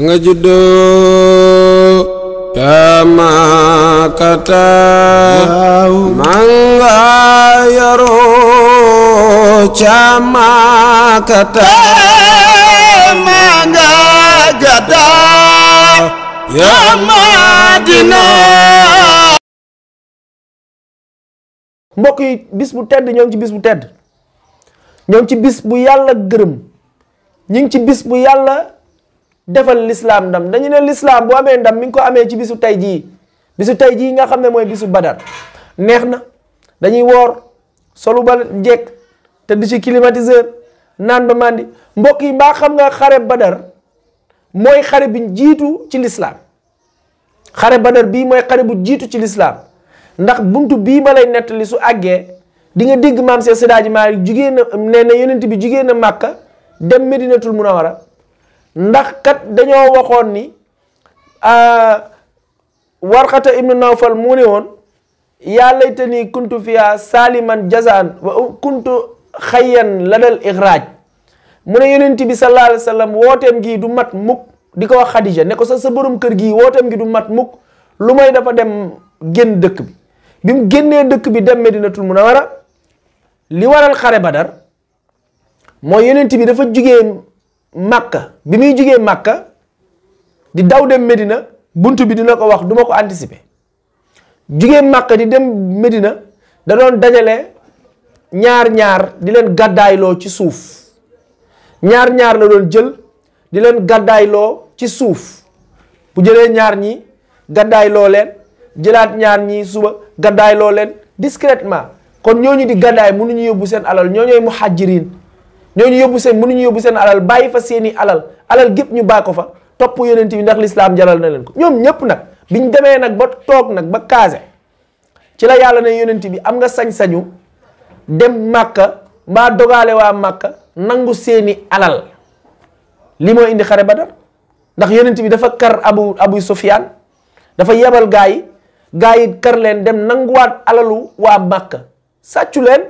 nga juddoo kama kata manga yaroo chama kata manga jada ya Madina bis bu tedd ñoo ngi ci bis bu tedd ñoo ci bis bu yàlla gërëm ñu ci bis bu yàlla defal lislaam ndam dañu ne lislaam bu amee ndam mi ngi ko amee ci bisu tey jii bisu tey jii nga xam ne mooy bisu badar neex na dañuy woor solu ba jekk tëdd ci climatiseur naan ba màndi mbokk yi mbaa xam nga xare badar mooy xare bi jiitu ci lislaam xare badar bii mooy xare bu jiitu ci lislaam ndax buntu bii ma lay nettali su àggee di nga dégg maam Seex Sidaaji Maalik jugee na nee na yonent bi jugee na màkka dem medinatul munawara ndax kat dañoo waxoon ni euh, warxata ibnu nawfal mu ne woon yaa laytani kuntu fiya saliman jazaan wa kuntu xayyan ladal ixraaj mu ne yonent bi sallallahu alayhi wa wooteem gi du mat mukk di ko wax xadija ne ko sa sa borom kër gi wooteem gi du mat mukk lu may dafa dem génn dëkk bi bi mu génnee dëkk bi dem medinatul munawara li waral xare badar mooy yonent bi dafa jugee Makka bi muy jugee Makka di daw dem Medina bunt bi dina ko wax duma ko anticiper jugee Makka di dem Medina da doon dajale ñaar ñaar di leen gàddaayloo ci suuf ñaar ñaar la doon jël di leen gàddaayloo ci suuf bu jëlee ñaar ñi gàddaayloo leen jëlaat ñaar ñi suba gàddaayloo leen discrètement kon ñoo ñu di gàddaay ñu yóbbu seen alal ñoo ñooy muhajirin ñooñu yóbbu seen mënuñu yóbbu seen alal bàyyi fa seeni i alal alal gépp ñu bàyyi ko fa topp yonent bi ndax lislaam jaral na leen ko ñoom ñëpp nag ñu demee nag ba toog nag ba kaase ci la yàlla na yonent bi am nga sañ-sañu dem màkka mbaa dogaale waa màkka nangu seeni alal li moo indi xare Badar ndax yonent bi dafa kar abu abu Sufyaan dafa yebal gaa yi gaa yi kar leen dem nanguwaat alalu waa màkka sàccu leen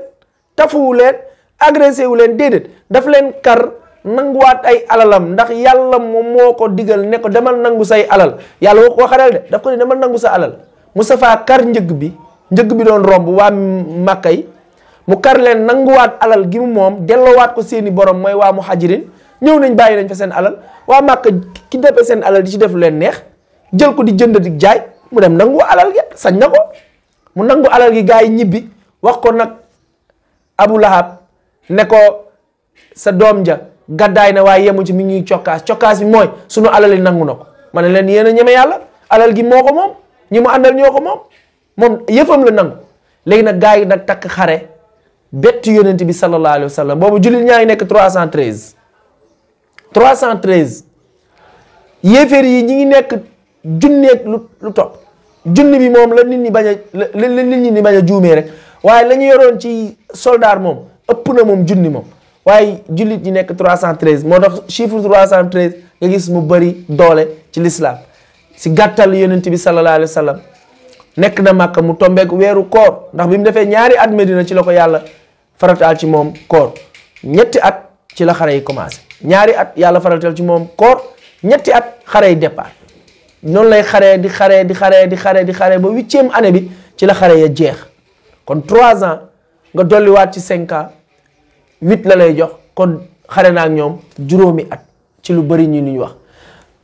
tafuwu leen agressé wu leen déedéet daf leen kar nanguwaat ay alalam ndax yàlla moom moo ko digal ne demal nangu say alal yàlla wax ko xareel de daf ko ne demal nangu sa alal Moustapha kar njëg bi njëg bi doon romb waa Màkka yi mu kar leen nanguwaat alal gi mu moom delloowaat ko seeni borom mooy waa mu muhajirin ñëw nañ bàyyi nañ fa seen alal waa Màkka ki deppe seen alal di ci def lu leen neex jël ko di jënd di jaay mu dem nangu alal gi sañ na ko mu nangu alal gi gaa yi ñibbi wax ko nag Abu ne ko sa doom ja gàddaay na waaye yemu ci mi ngi cokkaas cokkaas bi mooy sunu alal yi nangu na ko ma ne leen yéen a ñeme yàlla alal gi moo ko moom ñi mu àndal ñoo ko moom moom yëfam la nangu léegi nag gars yi nag takk xare bett yonent bi sallallahu alayhi wa sallam boobu jullit ñaa ngi nekk 313 313 yéeféer yi ñi ngi nekk junneeg lu bi moom la nit ñi bañ a la nit ñi bañ a juumee rek waaye la ñu ci soldaar moom ëpp na moom junni moom waaye jullit yi nekk 313 moo tax chiffre 313 nga gis mu bëri doole ci lislaam si gàttal yonent bi sallallahu alayhi nekk na màkk mu tombeek weeru koor ndax bi mu defee ñaari at medina ci la ko yàlla farataal ci moom koor ñetti at ci la xare yi commencé ñaari at yàlla farataal ci moom koor ñetti at xare yi départ noonu lay xare di xaree di xaree di xaree di xaree ba huitième année bi ci la xare ya jeex kon trois ans nga dolliwaat ci cinq huit la lay jox kon xare naa ak ñoom juróomi at ci lu bëri ñi ñu wax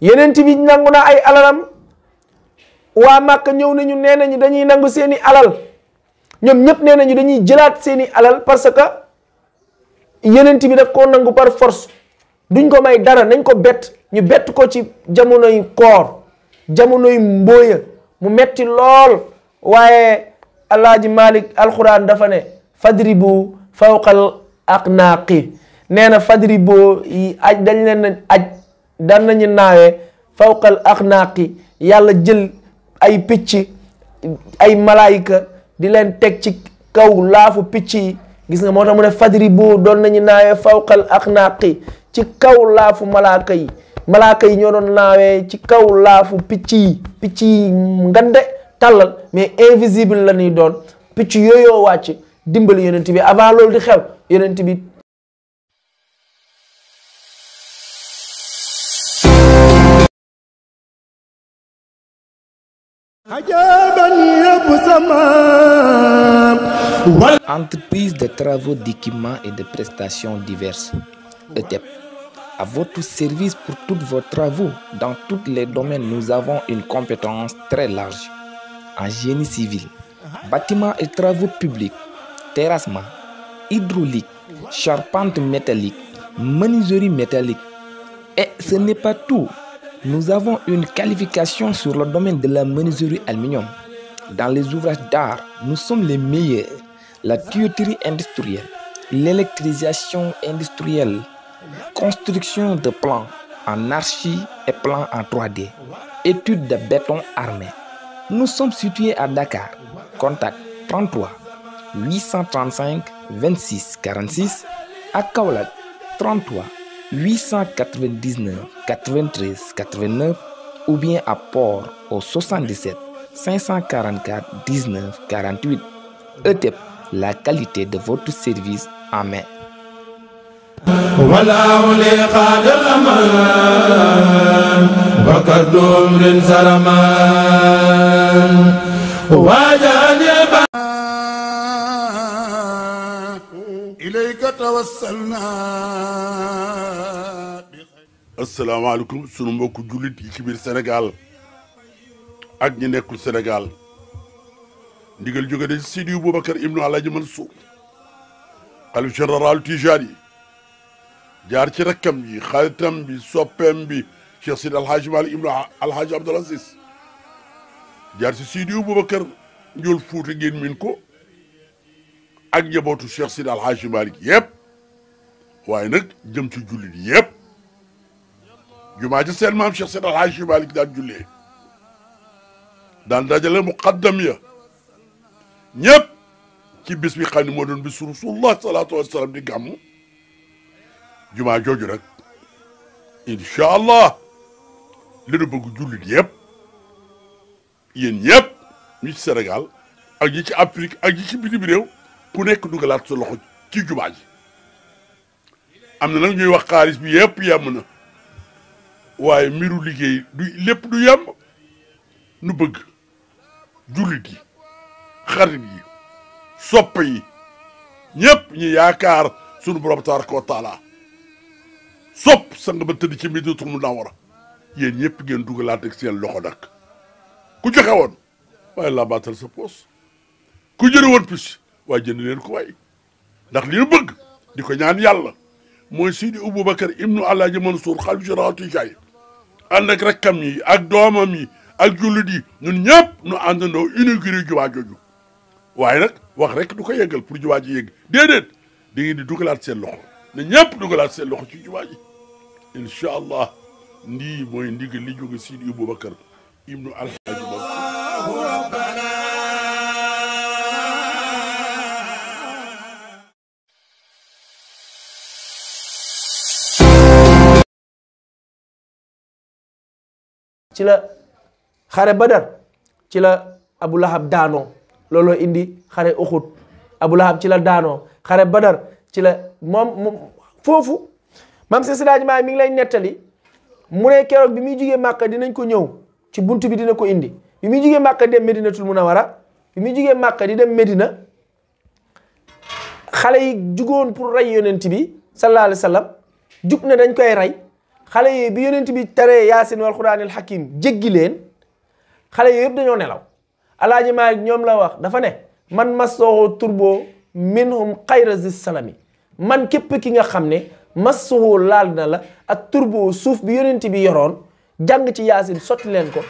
yeneen bi nangu na ay alalam waa Màkka ñëw nañu nee nañu dañuy nangu seeni alal ñoom ñëpp nee nañu dañuy jëlaat seeni alal parce que yeneen bi daf koo nangu par force duñ ko may dara nañ ko bett ñu bett ko ci jamonoy koor jamonoy mbóoya mu metti lool waaye alaaji Malik alxuraan dafa ne fadribu fawqal ak naaqi nee na fadri boo aj dañ leen aj daan nañu naawee fawqal ak naaqi yàlla jël ay picc ay malaayika di leen teg ci kaw laafu picc yi gis nga moo tax mu ne fadri boo doon nañu naawee fawqal ak naaqi ci kaw laafu malaaka yi malaaka yi ñoo doon naawee ci kaw laafu picc yi picc yi ngande tàllal mais invisible la doon picc yooyoo wàcc dimbali yonent bi avant loolu de travaux d'équipement et de prestations diverses ETEP à votre service pour tous vos travaux dans tous les domaines nous avons une compétence très large en génie civil bâtiment et travaux publics terrassement hydraulique charpente métallique menuiserie métallique et ce n'est pas tout nous avons une qualification sur le domaine de la menuiserie aluminium dans les ouvrages d'art nous sommes les meilleurs la tuyauterie industrielle l'électrisation industrielle construction de plans en archi et plans en 3D étude de béton armé nous sommes situés à Dakar contact 835 26 46 ak ou bien à au 77 544 e e la qualité de votre service en main. والله لقاد الأمان وكرد من سلمان tawassalna asalaamaaleykum sunu mbokku jullit yi ci biir Sénégal ak ñi nekkul Sénégal ndigal jóge de di Boubacar Ibnu Alaaji Mansour xalif général Tijaan yi jaar ci rakkam bi xaritam bi soppeem bi Cheikh Sidi Alhaaji Maalik Ibnu Alhaaji Abdul Aziz jaar ci Sidi Boubacar njool fuuta ngeen min ko ak njabootu Cheikh Sidi Al Hadj Malick yëpp waaye nag jëm ci jullit yëpp jumaa ji seen maam Cheikh Sidi Al Hadj daan jullee daan dajale muqaddam ya ñëpp ci bis bi xam ne moo doon bis rasulullah salaatu wasalaam di gàmm jumaa jooju rek incha allah li nu bëgg jullit yëpp yéen ñëpp ñi ci Sénégal ak ñi ci ak ñi ci bitim ku nekk dugalaat sa loxo ci am na nag ñuy wax xaalis bi yëpp yem na waaye mbiru liggéey du lépp du yem nu bëgg jullit yi xarit yi sopp yi ñëpp ñu yaakaar sunu borom tabaraka wa taala sopp sa nga ba tëdd ci Madiinatul Munawwara yéen ñëpp ngeen dugalaat ak seen loxo nag ku joxe woon waaye laa baatal sa poos ku jëri woon waa jënd leen ko waay ndax li ñu bëgg di ko ñaan yàlla mooy Sidi Aboubacar ibnu Alaaji Mansour xalif général Tijaay ànd ak rakkam yi ak doomam yi ak jullit yi ñun ñëpp nu àndandoo inauguré jumaa jooju waaye nag wax rek du ko yeggal pour jumaa ji yegg déedéet da ngeen di dugalaat seen loxo ne ñëpp dugalaat seen loxo ci jumaa ji incha allah ndii mooy ndigal li jóge Sidi Aboubacar ibnu al ci la xare badar ci la abu lahab daanoo looloo indi xare uxud abu lahab ci la daanoo xare badar ci la moom moom foofu mam si sidaaji maay mi ngi lay nettali mu ne keroog bi muy jugee màkka dinañ ko ñëw ci bunt bi dina ko indi bi muy jugee màkka dem medinatul munawara bi muy jugee màkka di dem medina xale yi jugoon pour rey yonent bi sallallahu alayhi wa jug na dañ koy rey xale yi bi yonent bi taree yaasin wal quraanil hakim jéggi leen xale yi yëpp dañoo nelaw alaaji Maalik ñoom la wax dafa ne man massoo turbo minhum xayra zi salami man képp ki nga xam ne massoo laal na la ak turbo suuf bi yonent bi yoroon jàng ci yaasin sotti leen ko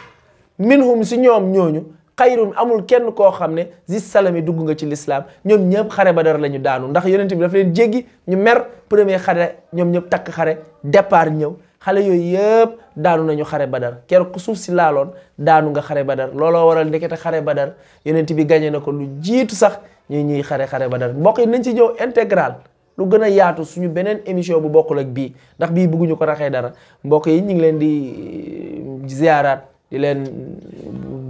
minhum si ñoom ñooñu xayrun amul kenn koo xam ne zi salami dugg nga ci lislaam ñoom ñëpp xare Badar la ñu daanu ndax yonent bi dafa leen jéggi ñu mer premier xare ñoom ñëpp takk xare départ ñëw xale yooyu yëpp daanu nañu xare badar keroog ku suuf si laaloon daanu nga xare badar looloo waral ndekete xare badar yonent bi gañe na ko lu jiitu sax ñu ñuy xare xare badar mbokk yi nañ ci ñëw intégral lu gën a yaatu suñu beneen émission bu bokkul ak bii ndax bii bëgguñu ko raxee dara mbokk yi ñu ngi leen di euh, ziaraat di leen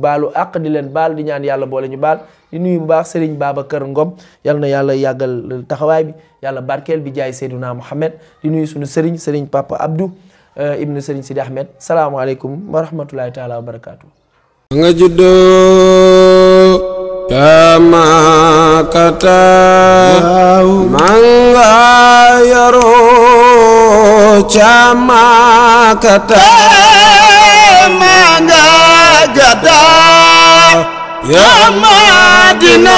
baalu àq di leen baal di ñaan yàlla boole ñu baal di nuyu bu baax Serigne kër Ngom yàlla na yàlla yàggal taxawaay bi yàlla barkeel bi jaay Seydouna Mohamed di nuyu suñu Serigne Serigne Papa Abdou Euh, ibnu Serigne Sidi Ahmed salaamaaleykum wa rahmatulahi taala wa barakaatu. nga juddoo kamakata manga yaro camakata manga gada ya madina